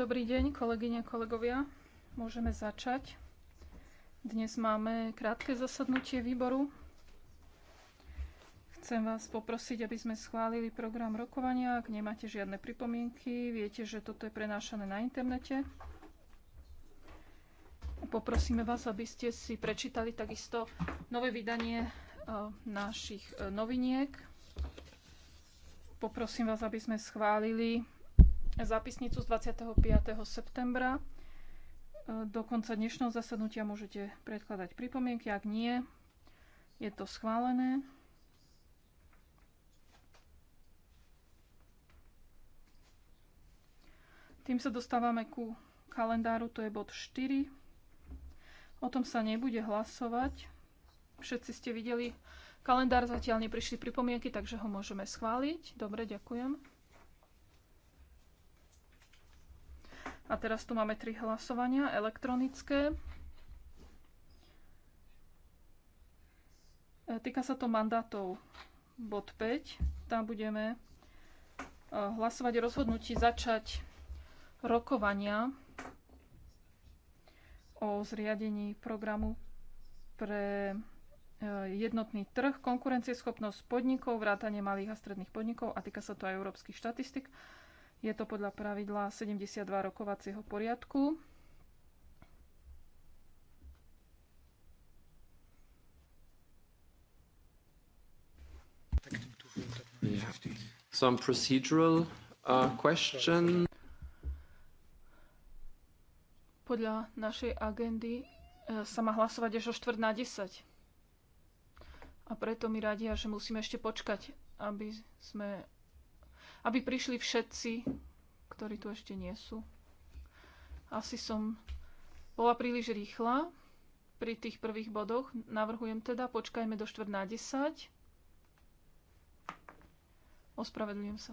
Dobrý deň, kolegyne, kolegovia. Môžeme začať. Dnes máme krátke zasadnutie výboru. Chcem vás poprosiť, aby sme schválili program rokovania. Ak nemáte žiadne pripomienky, viete, že toto je prenášané na internete. Poprosíme vás, aby ste si prečítali takisto nové vydanie e, našich e, noviniek. Poprosím vás, aby sme schválili zápisnicu z 25. septembra. E, do konca dnešného zasadnutia môžete predkladať pripomienky. Ak nie, je to schválené. Tým sa dostávame ku kalendáru, to je bod 4. O tom sa nebude hlasovať. Všetci ste videli kalendár, zatiaľ neprišli pripomienky, takže ho môžeme schváliť. Dobre, ďakujem. A teraz tu máme tri hlasovania elektronické. E, týka sa to mandátov bod 5. Tam budeme e, hlasovať o rozhodnutí začať rokovania o zriadení programu pre e, jednotný trh, konkurencieschopnosť podnikov, vrátanie malých a stredných podnikov a týka sa to aj európskych štatistik. Je to podľa pravidla 72 rokovacieho poriadku. Some procedural uh, question. Podľa našej agendy uh, sa má hlasovať až o štvrt na 10. A preto mi radia, že musíme ešte počkať, aby sme aby prišli všetci, ktorí tu ešte nie sú. Asi som bola príliš rýchla pri tých prvých bodoch. Navrhujem teda, počkajme do štvrt na 10. Ospravedlňujem sa.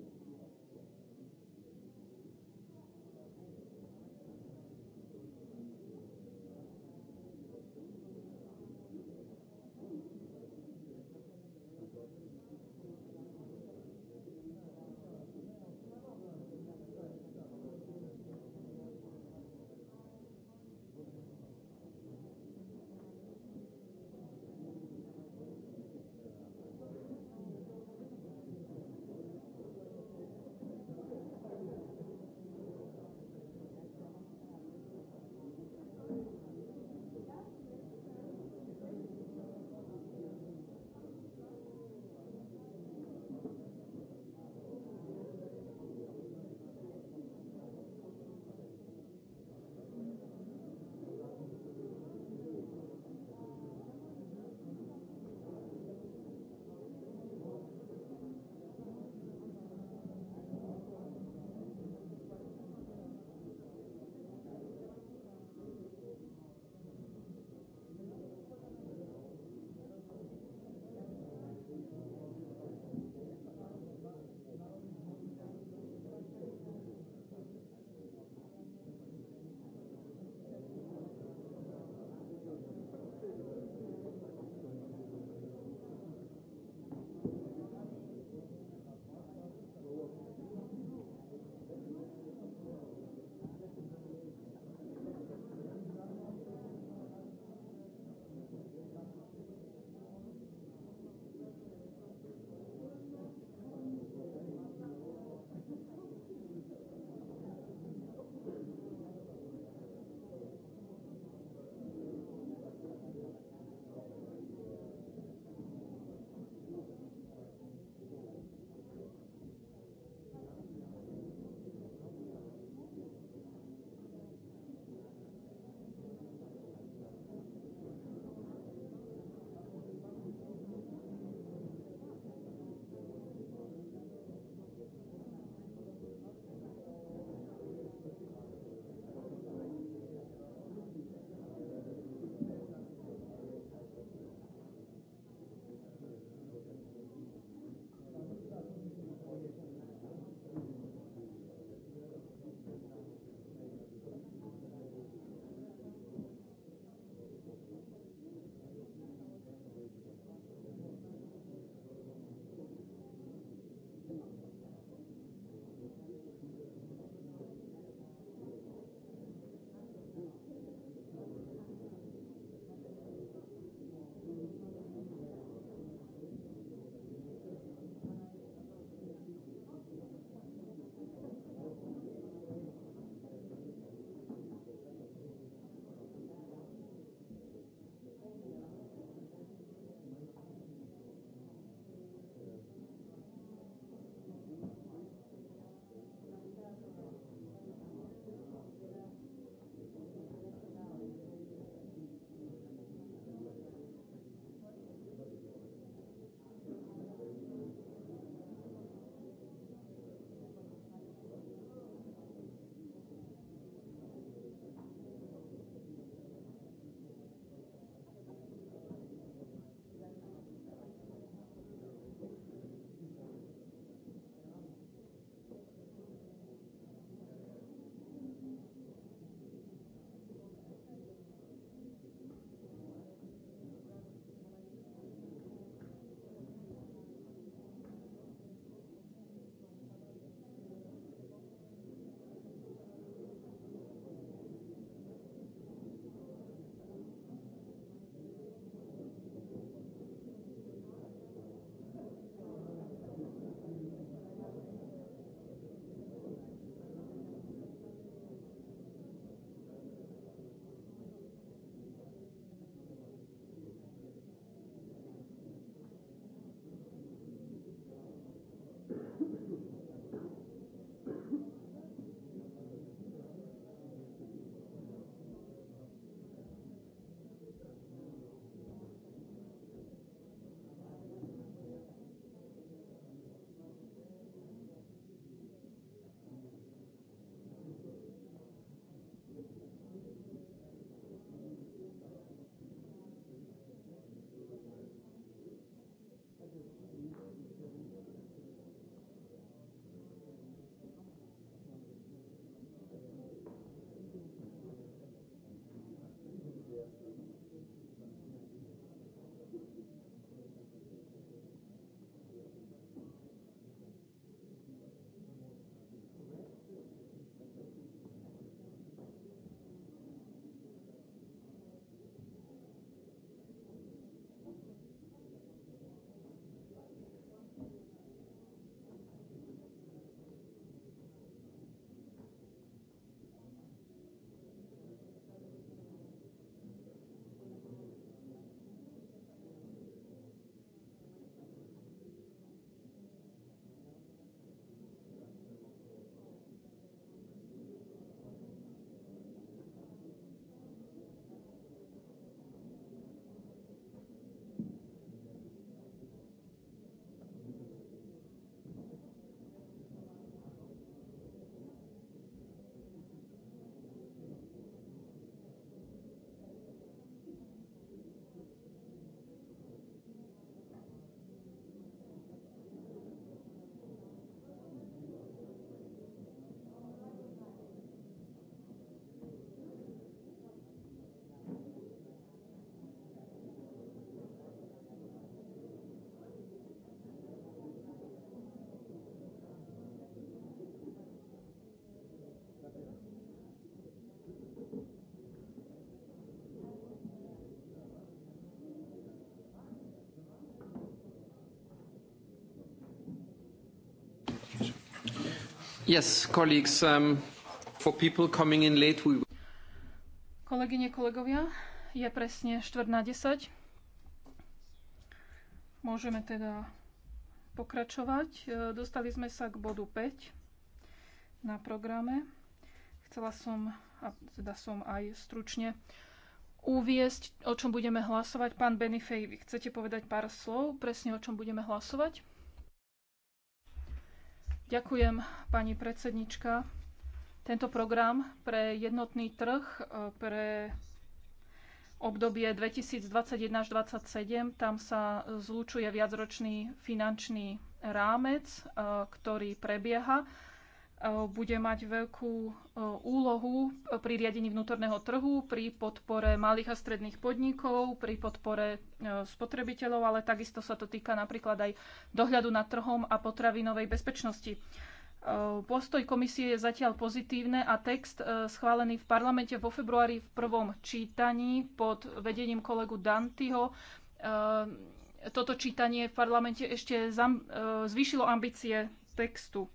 Yes, colleagues, um, for people coming in late, we... Kolegyne, kolegovia, je presne štvrt na 10. Môžeme teda pokračovať. E, dostali sme sa k bodu 5 na programe. Chcela som, a teda som aj stručne, uviesť, o čom budeme hlasovať. Pán Benifej, chcete povedať pár slov presne, o čom budeme hlasovať? Ďakujem, pani predsednička. Tento program pre jednotný trh e, pre obdobie 2021 až 2027, tam sa zlučuje viacročný finančný rámec, e, ktorý prebieha E, bude mať veľkú e, úlohu pri riadení vnútorného trhu, pri podpore malých a stredných podnikov, pri podpore e, spotrebiteľov, ale takisto sa to týka napríklad aj dohľadu nad trhom a potravinovej bezpečnosti. Postoj komisie je zatiaľ pozitívne a text schválený v parlamente vo februári v prvom čítaní pod vedením kolegu Dantyho toto čítanie v parlamente ešte zvýšilo ambície textu.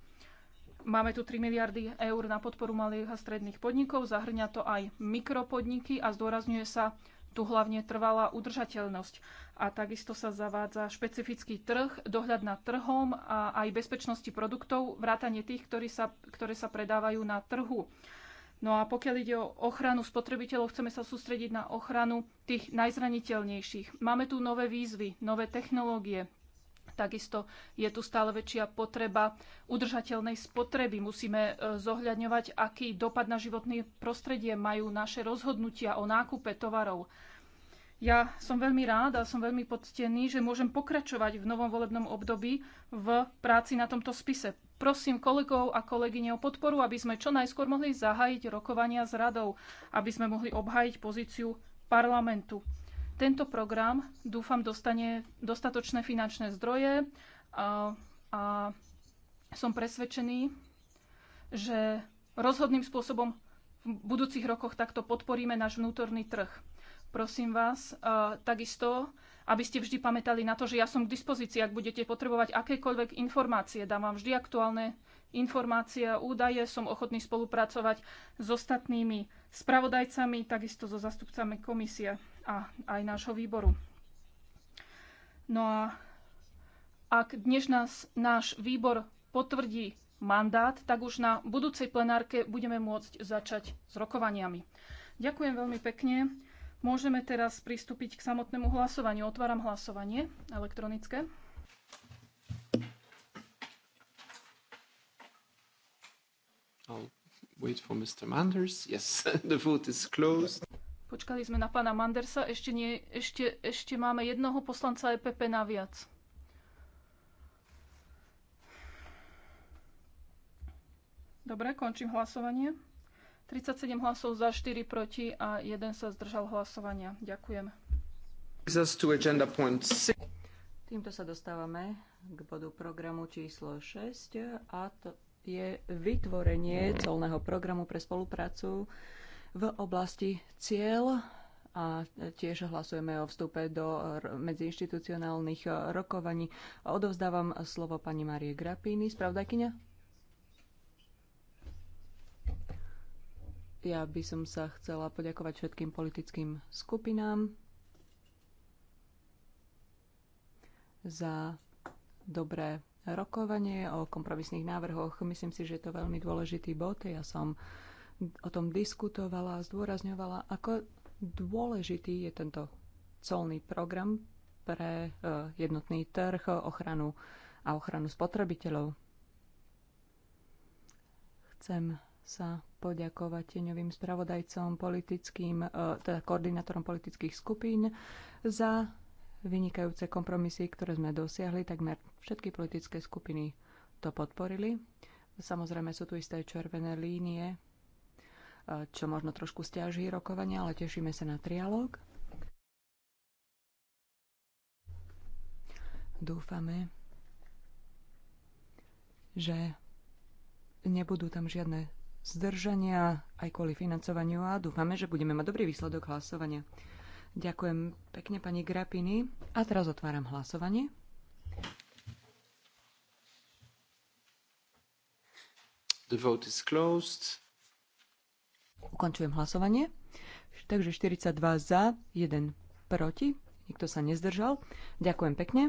Máme tu 3 miliardy eur na podporu malých a stredných podnikov, zahrňa to aj mikropodniky a zdôrazňuje sa tu hlavne trvalá udržateľnosť. A takisto sa zavádza špecifický trh, dohľad nad trhom a aj bezpečnosti produktov, vrátanie tých, ktorí sa, ktoré sa predávajú na trhu. No a pokiaľ ide o ochranu spotrebiteľov, chceme sa sústrediť na ochranu tých najzraniteľnejších. Máme tu nové výzvy, nové technológie, Takisto je tu stále väčšia potreba udržateľnej spotreby. Musíme e, zohľadňovať, aký dopad na životné prostredie majú naše rozhodnutia o nákupe tovarov. Ja som veľmi rád a som veľmi poctený, že môžem pokračovať v novom volebnom období v práci na tomto spise. Prosím kolegov a kolegyne o podporu, aby sme čo najskôr mohli zahájiť rokovania s radou, aby sme mohli obhájiť pozíciu parlamentu. Tento program, dúfam, dostane dostatočné finančné zdroje a, a som presvedčený, že rozhodným spôsobom v budúcich rokoch takto podporíme náš vnútorný trh. Prosím vás, a, takisto, aby ste vždy pamätali na to, že ja som k dispozícii, ak budete potrebovať akékoľvek informácie, dám vám vždy aktuálne informácie a údaje. Som ochotný spolupracovať s ostatnými spravodajcami, takisto so zastupcami komisie a aj nášho výboru. No a ak dnes nás, náš výbor potvrdí mandát, tak už na budúcej plenárke budeme môcť začať s rokovaniami. Ďakujem veľmi pekne. Môžeme teraz pristúpiť k samotnému hlasovaniu. Otváram hlasovanie elektronické. I'll wait for Mr. Manders. Yes, the vote is closed. Počkali sme na pána Mandersa, ešte, nie, ešte, ešte máme jednoho poslanca EPP naviac. Dobre, končím hlasovanie. 37 hlasov za, 4 proti a jeden sa zdržal hlasovania. Ďakujem. Týmto sa dostávame k bodu programu číslo 6 a to je vytvorenie colného programu pre spoluprácu v oblasti cieľ a tiež hlasujeme o vstupe do medziinstitucionálnych e, rokovaní. Odovzdávam slovo pani Marie Grapíny, spravdajkyňa. Ja by som sa chcela poďakovať všetkým politickým skupinám za dobré rokovanie o kompromisných návrhoch. Myslím si, že je to veľmi dôležitý bod. Ja som uh, o tom diskutovala a zdôrazňovala, ako dôležitý je tento colný program pre e, jednotný trh, ochranu a ochranu spotrebiteľov. Chcem sa poďakovať tieňovým spravodajcom, politickým, e, teda koordinátorom politických skupín za vynikajúce kompromisy, ktoré sme dosiahli. Takmer všetky politické skupiny to podporili. Samozrejme sú tu isté červené línie, čo možno trošku stiaží rokovania, ale tešíme sa na trialóg. Dúfame, že nebudú tam žiadne zdržania aj kvôli financovaniu a dúfame, že budeme mať dobrý výsledok hlasovania. Ďakujem pekne pani Grapini a teraz otváram hlasovanie. The vote is closed. Ukončujem hlasovanie. Takže 42 za, 1 proti. Nikto sa nezdržal. Ďakujem pekne.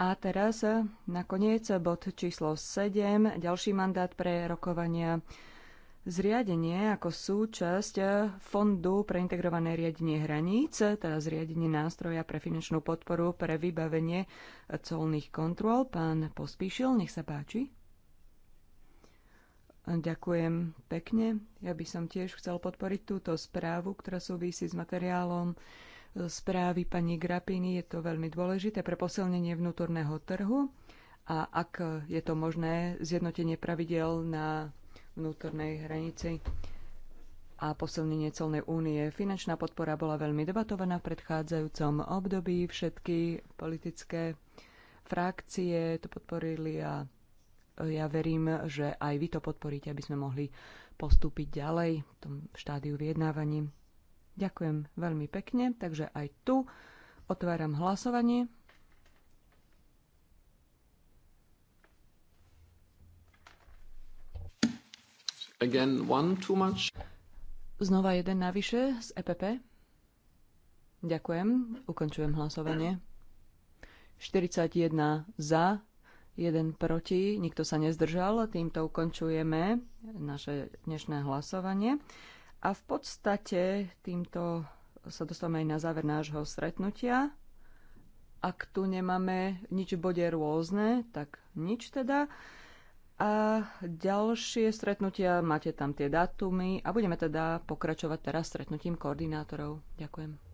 A teraz e, nakoniec bod číslo 7, ďalší mandát pre rokovania zriadenie ako súčasť e, Fondu pre integrované riadenie hraníc, teda zriadenie nástroja pre finančnú podporu pre vybavenie colných kontrol. Pán Pospíšil, nech sa páči. Ďakujem pekne. Ja by som tiež chcel podporiť túto správu, ktorá súvisí s materiálom správy pani Grapiny. Je to veľmi dôležité pre posilnenie vnútorného trhu a ak je to možné, zjednotenie pravidel na vnútornej hranici a posilnenie celnej únie. Finančná podpora bola veľmi debatovaná v predchádzajúcom období. Všetky politické frakcie to podporili a ja verím, že aj vy to podporíte, aby sme mohli postúpiť ďalej v tom štádiu vyjednávaní. Ďakujem veľmi pekne, takže aj tu otváram hlasovanie. Again, one too much. Znova jeden navyše z EPP. Ďakujem. Ukončujem hlasovanie. 41 za, jeden proti, nikto sa nezdržal. Týmto ukončujeme naše dnešné hlasovanie. A v podstate týmto sa dostávame aj na záver nášho stretnutia. Ak tu nemáme nič v bode rôzne, tak nič teda. A ďalšie stretnutia, máte tam tie dátumy a budeme teda pokračovať teraz stretnutím koordinátorov. Ďakujem.